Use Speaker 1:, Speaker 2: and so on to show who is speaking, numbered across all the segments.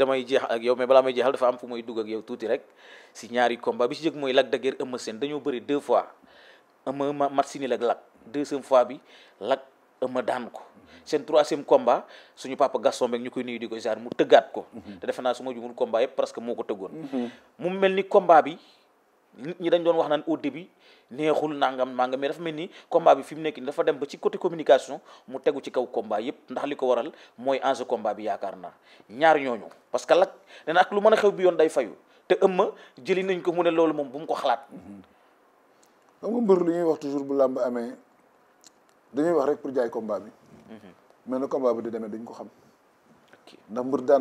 Speaker 1: damay jeex ak yow mais balaa may jeexal dafa am fu may dugg ak yow tuuti rek si ñaari combat bi si jëkk mooy Lac de Guiers Eumeu dañoo bëri deux fois Eumeu mat si ni la Lac deuxième fois bi Lac Eumeu daan ko seen troisième combat suñu papa Gaston Mbengue ñu koy nuyu di ko ziar mu tëggaat ko mhm. te defe naa su ma jumul combat yëpp parce que moo ko tëggoon mhm. mu mel ni combat bi nit ñi dañ doon wax naan au début neexul nangam nangam mais dafa mel ni combat bi fi mu nekk nii dafa dem ba ci côté communication mu tegu ci kaw combat yépp ndax li ko waral mooy enjeu combat bi yaakaar na ñaar ñooñu parce que lak nee lu mën a xew bi yoon day fayu te ëmma jëli nañ ko mu ne loolu moom bu mu ko xalaat.
Speaker 2: xam nga mbër li ñuy wax toujours bu làmb amee dañuy wax rek pour jaay combat bi. Mhm. mais na combat bi di dañ ko xam. ndax mbër ba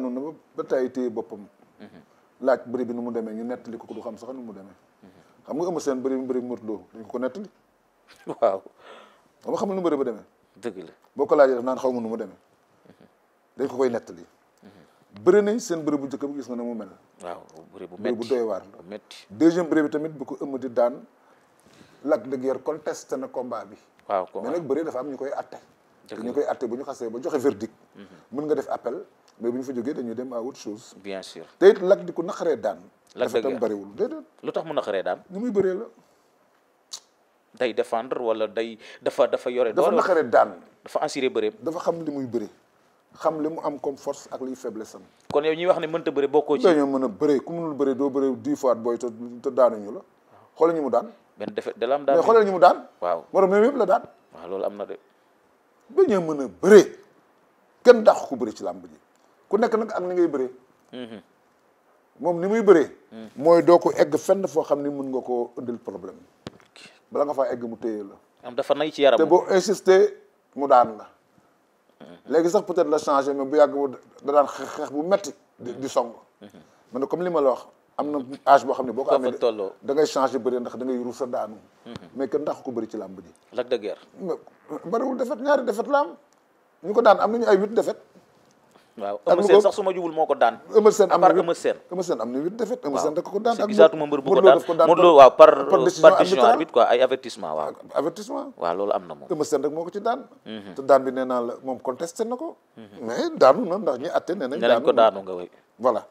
Speaker 2: ba téye boppam. Mhm. laaj bëri bi nu mu demee ñu nettali ko du xam sax nu mu demee xam nga ëmb seen bëri bëri motuloo dañ ko ko waaw dama xamul nu bëri ba demee dëgg la boo ko laajee naan xaw ma nu mu demee dañ ko koy nettali bëri nañ seen bëri bu njëkk bu gis nga ne mu mel
Speaker 1: waaw bëri bu metti bu doy
Speaker 2: waar la metti deuxième bëri bi tamit bu ko ëmb di daan Lac de Guiers contesté na combat bi waaw mais nag bëri dafa am ñu koy atte te ñu koy atte bu ñu xasee ba joxe verdict mhm. mën nga def appel mais bu ñu fa jógee dañuy dem à autre chose. bien sûr te it Lac di ko naqaree daan. Lac dafa tam bëriwul déedéet.
Speaker 1: lu tax mu naqaree daan. ni muy bëree la. day défendre wala day dafa dafa yore. dafa naqaree
Speaker 2: daan dafa assuré bëreem. dafa xam li muy bëri xam li mu am comme force ak liy faiblesse am. kon ñuy wax ne mënta bëre bokkoo ci. dañoo mën a bëree ku mënul bëree doo bëree dix fois booy te te daanuñu la xoolal ñu mu daan.
Speaker 1: benn defe de la am daan mais xoolal ñu mu daan. waaw morom yëpp la daan. waa loolu am na de.
Speaker 2: dañoo mën a bëree kenn dàq ko bëri ci làmb ji ku nekk nag am ni ngay bëree mhm. moom ni muy bëree mhm. mooy doo ko egg fenn foo xam ni mën nga koo indil problème bala nga faa egg mu téye la
Speaker 1: am dafa nay ci yaram te boo
Speaker 2: insister mu daan la mhm. léegi sax peut-être la changé mais bu yàgg mu da daan xeex bu metti di song man comme li ma wax am na âge boo xam ne boo ko amee da ngay changé bëri ndax dangay ngay ruus sa daanu mais kenn ndax ko bëri ci làmb ji Lac de Guiers bariwul defet ñaari defet la am ñu ko daan am nañu ay huit defet waaw Eumeu Sène sax su ma jubul moo
Speaker 1: ko daan Eumeu Sène am na Eumeu
Speaker 2: Sène Eumeu Sène am rek ko daan ak gisaatuma mbër ko daan Modou Lo rek moo mhm. moom contesté na ko mhm. mais daanu na ndax ñi atte nee ko daanu nga way voilà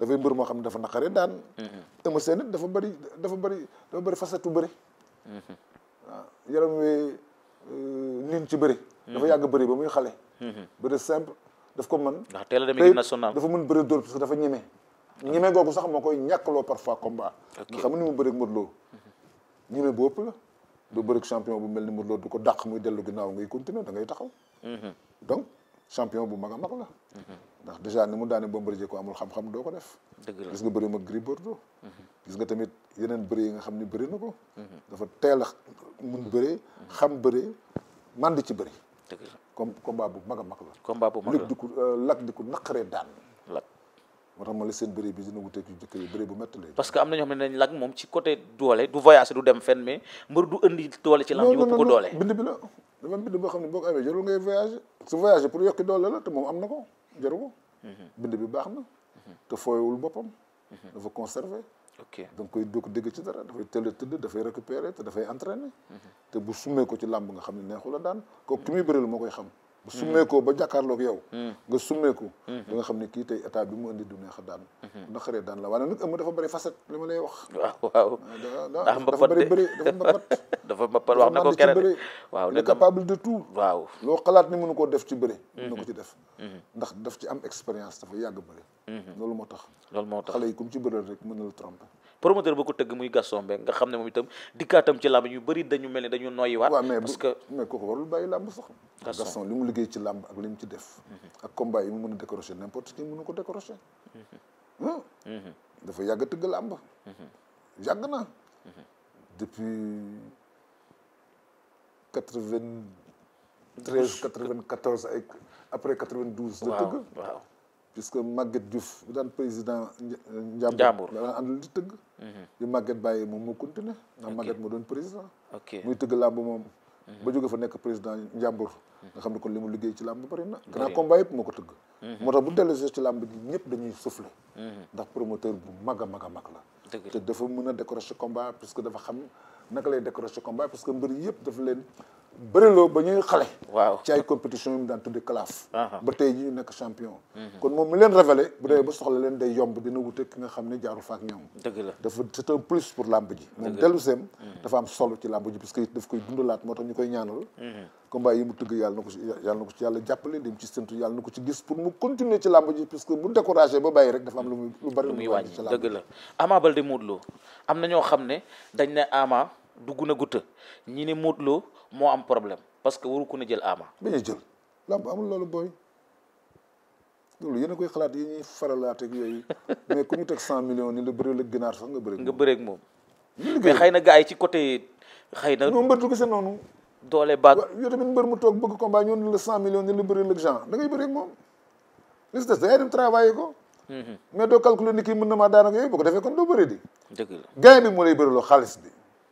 Speaker 2: dafay mbër moo xam ne dafa naqaree daan mhm. Eumeu Sène it dafa bëri dafa bëri dafa bëri facette u bëri waaw yaram wi euh, nin ci bëri dafa yàgg bëri ba muy xale bëri simple def ko man ndax teel a dem équipe nationale dafa mën bëri dóor parce que dafa ñeme ñeme googu sax moo koy ñàkkaloo parfois combat nga xam ni mu bëri ak Modou Lo ñeme bu ëpp la du bu mel ni Modou Lo du ko daq muy dellu ginnaaw ngay continuer da ngay taxaw mhm. donc champion bu mag a mag la mhm. ndax déjà ni mu daane jee ko amul xam-xam doo ko def gis nga bëri ma Gris Bordeaux mhm. gis nga tamit yeneen bëri yi nga xam ni bëri na ko dafa teel a mun bëree xam bëree mànd ci bëri dëgg la comme combat bu mag a mag la. combat bu mag la Luc di ko euh, Lac di ko naqaree daan. Lac moo tax ma la seen bëre bu métti lay.
Speaker 1: parce que am na ñoo xam ne dañ Lac moom ci côté doole du voyage du dem fenn mais mbër du indi doole ci lamb ñu ëpp ko doole.
Speaker 2: bind bi la dafa bind boo xam ne boo ko amee jarul ngay voyager su voyager pour yokki doole la te moom am na ko jaru mhm. bind bi baax na. Mhm. te fooyewul boppam. Mhm. dafa conservé. ok da nga koy doo ko dégg ci dara dafay teel a tëdd dafay récupérer te dafay entraîner. Mhm. te bu summee ko ci làmb nga xam ne neexu la daan mhm. ko ki muy bëreel moo koy xam. bu mhm. summeekoo ba jàkkaarloog yow. nga summeeku. da nga xam ne kii tey état bi mu indi du neex a daan. bu naqaree daan la waaye nag ëmb dafa bëri facette li ma lay wax. waaw ah, dafa bëri bëri dafa mbapat. dafa Mbappé wax na ko keneen waaw ne capable de tout waaw loo xalaat ni mënu koo def ci bëre mënu ko mhm. ci def mhm. ndax def ci am expérience dafa yàgg bëre mhm. loolu moo tax loolu moo tax xale yi comme ci bëre rek mën na la tromper
Speaker 1: promoteur bu ko tëgg muy Gaston Mbengue nga xam ne moom itam dikkaatam ci làmb ñu bëri dañu mel ne dañu noyyiwaat waaw mais parce que
Speaker 2: mais kooku bàyyi làmb
Speaker 1: sax li
Speaker 2: mu liggéey ci làmb ak li mu ci def ak combat yi mu mën a décrocher n'importe qui mënu ko décrocher dafa yàgg tëgg làmb yàgg na depuis 93 94 ay après 92. waaw la tëgg puisque Maguette Diouf bu daan président euh, Ndiambour la daan àndal di tëgg. di mhm. Maguette bàyyi moom moo continué. ndax Maguette moo doon président. ok muy tëgg làmb moom. Mhm. ba jóge fa nekk président Ndiambour. Mhm. nga xam ne ko li mu liggéey ci làmb bari na. grand combat yëpp moo ko tëgg. moo tax bu dellusee ci làmb gi ñëpp dañuy soufflé. ndax promoteur bu mag a mag a mag la. te dafa mën a décrocher combat puisque dafa xam. naka lay décrocher combat parce que mbër yëpp daf leen bëriloo ba ñuy xale. waaw ci ay compétition yu mu daan tudde classe. Uh-huh. ba tey ñu nekk champion. Mm-hmm. kon moom mi leen révélé bu dee ba soxla leen day yomb dina wute ki nga xam ne jaarul fa ak la dafa c'est un moom mm-hmm. dafa am solo moo tax ñu koy ñaanal. Mm-hmm. combat yi mu tëgg am lu muy lu bari la
Speaker 1: Ama Baldé Modou Lo am na ñoo xam ne dañ ne Ama dugg na gutta ñi ne Modou moo am problème parce que waru ku na jël Ama.
Speaker 2: ba ñu jël làmb amul loolu booy loolu yéen a koy xalaat yi ñuy faralaat yooyu mais ku ñu teg cent millions ni la bëree la ginaar sax nga bëree. bëree
Speaker 1: moom. mais xëy na gars yi ci côté xëy na. non mbër du gisee noonu. doole baag
Speaker 2: yow tamit mbër mu toog bëgg combat ñëw ni la cent millions ni la bëree ko. Mhm. mais doo calculer ni kii mën na maa daanaka yooyu boo ko defee kon doo bëree di. dëgg bi moo lay bëriloo xaalis bi.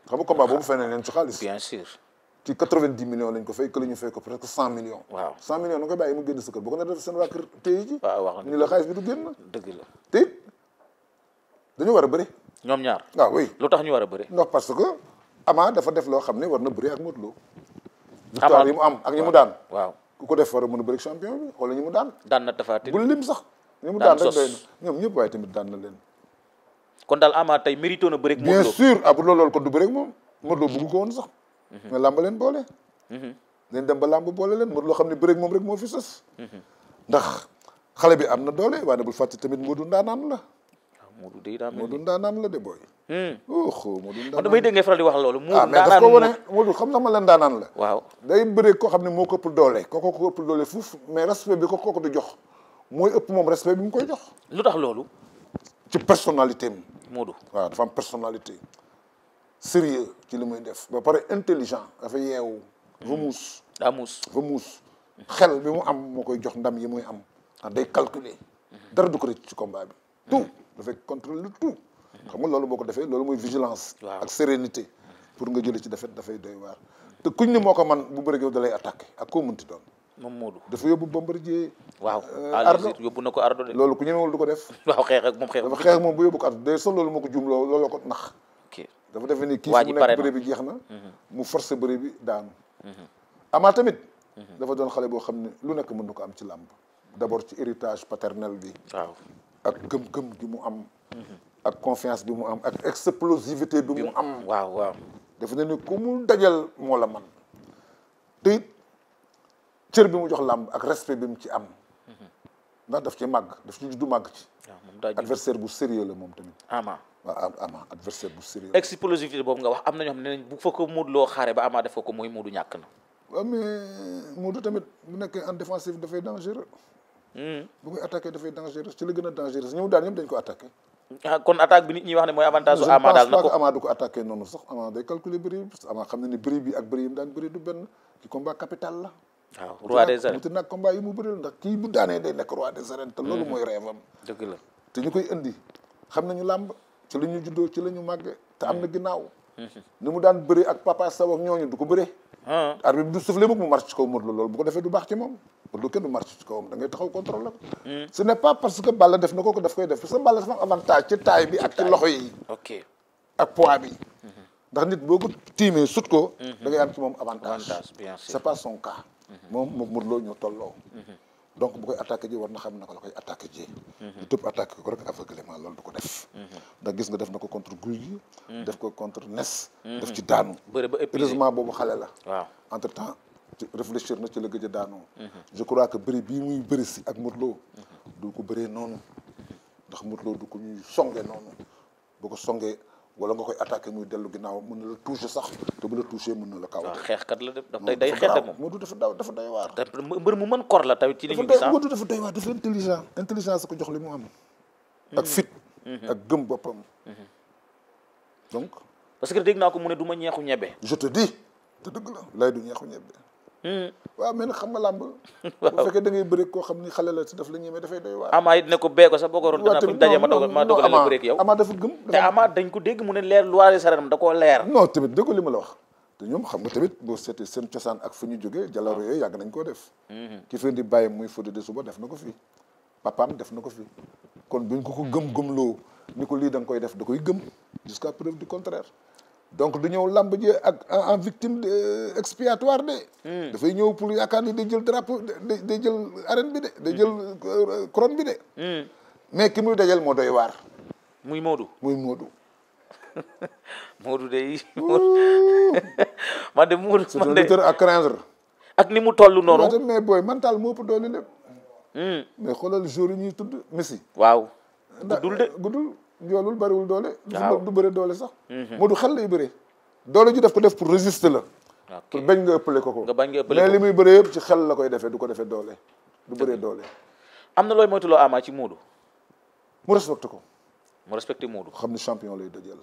Speaker 2: xam nga combat boobu fay leen ci xaalis. bien sûr. ci quatre vingt ñu fay ko la bi du génn. dëgg la te dañoo war a bëri.
Speaker 1: ñoom ñaar waaw ah lu tax ñu war a bëri. ndox
Speaker 2: parce que Ama dafa def loo xam ne war na bëri ak Modou Lo. victoire yi mu am ak ñi mu daan. waaw ku ko def war a mën a bëri champion bi wala ñi mu daan.
Speaker 1: daan na Tapha Tine bu lim sax.
Speaker 2: ñi mu daan rek doy ñoom ñëpp waaye tamit daan na leen.
Speaker 1: kon daal Ama tey mérito na bëreeg. Modou Lo bien sûr
Speaker 2: ah bu loolu kon du bëreeg moom Modou Lo ko woon sax. nga mhm. làmb leen boole. Mhm. dañ dem ba làmb boole leen Modou Lo xam ne bëreeg moom rek moo fi sës. Mhm. ndax xale bi am na doole waaye bul fàtte tamit Modou ndaanaan la. Ah, Modou day daan Modou ndaanaan la de booy. Hmm. oho Modou ndaanaan damay
Speaker 1: dégg ngay faral wax loolu. Modou ndaanaan ah, la mais daf ko wane
Speaker 2: Modou xam la ndaanaan la. waaw day koo xam ne moo ko ëpp doole kooku ko ëpp doole fuuf mais respect bi ko ko di jox mooy ëpp moom respect bi mu koy jox. lu tax loolu. ci personnalité am Modou waaw dafa am personnalité sérieux ci li muy def ba pare intelligent dafa yeewu dafa hmm. muus daa muus dafa muus xel bi mu am moo koy jox ndam yi muy am ah day calculer hmm. dara du ko rëcc ci combat bi hmm. tout dafay contrôler tout xam loolu boo ko defee loolu mooy vigilance ak sérénité pour nga jëlee ci defet dafay doy waar te kuñ ne moo ko man bu bërëgee da lay attaqué ak koo mënti doon moom Modou dafa yóbbu Bombardier waaw euh, ardo
Speaker 1: yóbbu na ko ardo de loolu ku ñemewul du
Speaker 2: ko def waaw xeex ak moom xeex dafa xeex moom bu yóbbu ko ardo day sol loolu moo ko jumloo looloo ko nax dafa defe ni kii fu mu nekk bëre bi jeex na mhm. mu forcé bëre bi daanu mhm. amaa tamit mhm. dafa doon xale boo xam ne lu nekk mën na ko am ci làmb d'abord ci héritage paternel bi waaw ak gëm-gëm gi mu am ak confiance bi mu am ak explosivité bi mu am waaw waaw dafa ne ni ku mu dajal moo la man cër bi mu jox làmb ak respect bi mu ci am. ndax daf ci màgg daf ci juddu màgg ci. adversaire nga
Speaker 1: wax am na ñoo xam ne bu fa ko Modou Lo xaaree ba ama hmm.
Speaker 2: a dangereux daal ñëpp dañ ko attaqué.
Speaker 1: Ah, kon attaque bi nit ñi wax ne mooy avantage. su ko ama
Speaker 2: noonu sax ama calculer bëri yi xam na ni bëri ak bëri yi mu du benn ci combat capital la. waaw roi des arènes wuti nag combat yi mu bëri ndax kii bu daanee day nekk roi des arènes te loolu hmm. mooy rêve te ñu koy indi xam nañu làmb ci la ñu juddoo ci la ñu te am na hmm. ginnaaw hmm. ni mu daan bëri ak papa saw ak ñooñu du ko bëree arbitre du soufflé mukk mu marche ci ko defee du baax ci moom Modou Lo kenn du marche ci kawam da ngay taxaw contrôle la ko ce n'est pas parce que Balla def na ko ko daf koy def parce que Balla dafa avantage ci taille bi ak ci loxo yi ak poids ndax nit boo ko tiimee sut ko da ngay am ci moom avantage c'est pas moom moom Modou Lo ñoo tolloo. donc bu koy attaqué ji war na xam na ko la koy attaqué ji. du tëb attaqué ko rek aveuglément lool du ko def. ndax gis nga def na ko contre guy gi. def ko contre nes. def ci daanu. bëri ba heureusement boobu xale la. waaw entre temps ci réfléchir na ci la gëj a daanoo. je crois que bëri bii muy bëri si ak Modou Lo du ko bëree noonu. ndax Modou Lo du ko ñuy songe noonu bu ko songee. wala nga koy attaqué muy dellu ginnaaw mën na la touché sax te bu la touché mën na la kaw
Speaker 1: xeexkat la def daf day xeex moom Modou dafa daw dafa doy waar mu mën kor la dafa
Speaker 2: doy waar dafa intelligent intelligence ko jox li mu am mm-hmm. ak fit mm-hmm. ak gëm boppam mm-hmm. donc parce que dégg naa ko mu ne du ma ñeexu ñebe je te dis te dëgg la lay du ñeexu ñebe waaw mais nag xam nga làmb bu fekkee da ngay koo xam ni xale la si daf la ñemee dafay doy waar amaa it ne
Speaker 1: ko bee ko sax boo ko roon danaa dajee ma dogal la bëri ak yow
Speaker 2: amaa dafa gëm te amaa dañ ko dégg mu leer luwaale tamit dégg ma la wax te ñoom xam nga tamit boo seetee seen cosaan ak fu ñu jógee jaloor yooyu yàgg nañ koo def mhm. ki fi di bàyyi muy fodde de suba def na ko fii papaam def na ko fii kon buñ ko ko gëm-gëm loo ni ko lii da nga koy def da koy gëm jusqu'à preuve du contraire donc du ñëw lamb ji ak en victime euh, expiatoire de. Hmm. dafay ñëw pour yaakaar ni day jël drapeau day jël arène bi de. da jël euh, couronne bi de. Hmm. mais ki muy dajal moo doy waar. muy Modou muy Modou.
Speaker 1: Modou day. man de Modou man de c'est un lutteur à craindre. ak mu toll noonu.
Speaker 2: mais booy mental moo ëpp doole lépp. Hmm. mais xoolal jour yi ñuy tudd Messi. waaw guddul de guddul. joolul bariwul doole. du bëre doole sax. Mhm. moo du xel lay bëree. doole ju def ko def pour résister la. pour bañ nga ëppale ko ko.
Speaker 1: nga bañ nga ëppale ko mais li muy
Speaker 2: yëpp ci xel la koy defee du ko defee doole. du bëree doole. am na looy moytuloo Ama ci Moodu. mu respecté ko. mu respecté xam ne champion lay dajal.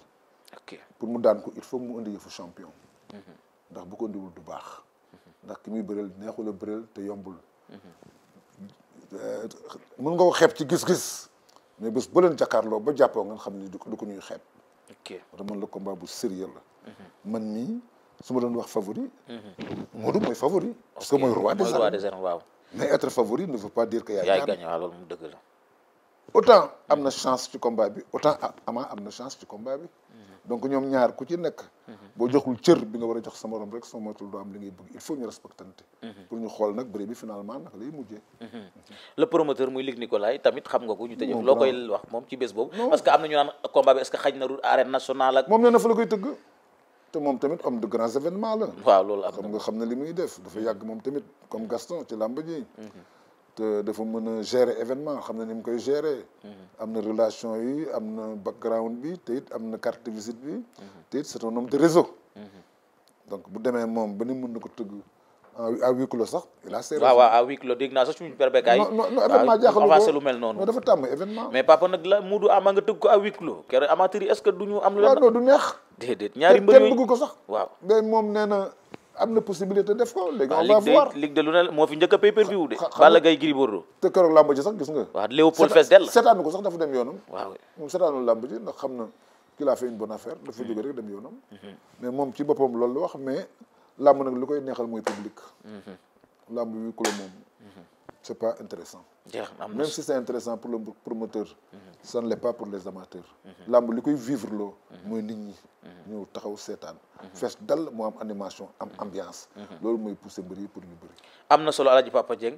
Speaker 2: ok pour mu daan ko il faut mu indi yëfu champion. Mhm. ndax bu ko indiwul du baax. Mhm. ndax ki muy bëreel neexul a bëreel te yombul. Euh, mën nga ko xeeb ci gis-gis. mais bés bu leen jàkkaarloo ba jàppoo nga xam ni du ku du ko ñuy xeeb. man la combat bu mhm. man mii su ma doon wax favori. Mhm. Modou mooy favori. parce que mooy roi des waaw. mais être favori ne veut pas dire que. yaay gagné waaw loolu moom dëgg la. autant am na mhm. chance ci combat bi autant Ama am na chance ci combat bi. donc ñoom ñaar ku ci nekk boo joxul cër bi nga war a jox sa morom rek soo moytul doo am li ngay bëgg il faut ñu respectante mhm. pour ñu xool nag bëri bi finalement nag lay mujjee
Speaker 1: mhm. le promoteur muy Luc Nicolaï tamit xam nga ko ñu tëjee loo koy wax moom ci bés boobu parce que am na ñu naan combat bi est-ce que xaj na arène nationale ak moom nee na
Speaker 2: la koy tëgg te moom tamit homme de grands événements la waaw loolu am nga xam na li muy def dafa yàgg te dafa mën a gérer événement xam na ni mu koy gérer. Mhm. am na relation yi am na background bi te it am na carte bi. Mhm. te it c'est un homme de réseau. Mhm. donc bu demee moom ba ni mun na ko tëgg à a ses
Speaker 1: raisons sax suñu perpékaay. non non non événement lu mel noonu. non dafa
Speaker 2: tàmm événement.
Speaker 1: mais papa nag la Moodu Ama nga tëgg ko à huis clos. keroog amateur yi am. la waaw non du neex. déedéet ñaari mbër yooyu ko sax. waaw
Speaker 2: mais moom nee am na possibilité def ko léegi on va voir ligue de lu ne moo fi njëkk a pay de Balla Gaye Gris te keroog làmb ji sax gis nga seetaanu ko sax dafa dem yoonam waaw moom seetaanul làmb ji ndax xam na qu'il a fait une bonne affaire dafa jóge mm-hmm. rek dem yoonam mm-hmm. mais moom ci boppam loolu wax mais làmb nag li koy neexal mooy public mm-hmm. làmb bi ku la moom c'est pas intéressant même si c'est intéressant pour le promoteur ça ne l'est pas pour les amateurs làmb li koy vivre loo mooy nit taxaw seetaan Mhm. fees dal moo am animation am mhm. ambiance mhm. loolu mooy pousser mbir yi pour ñu bëri am na solo Alaaji Papa Dieng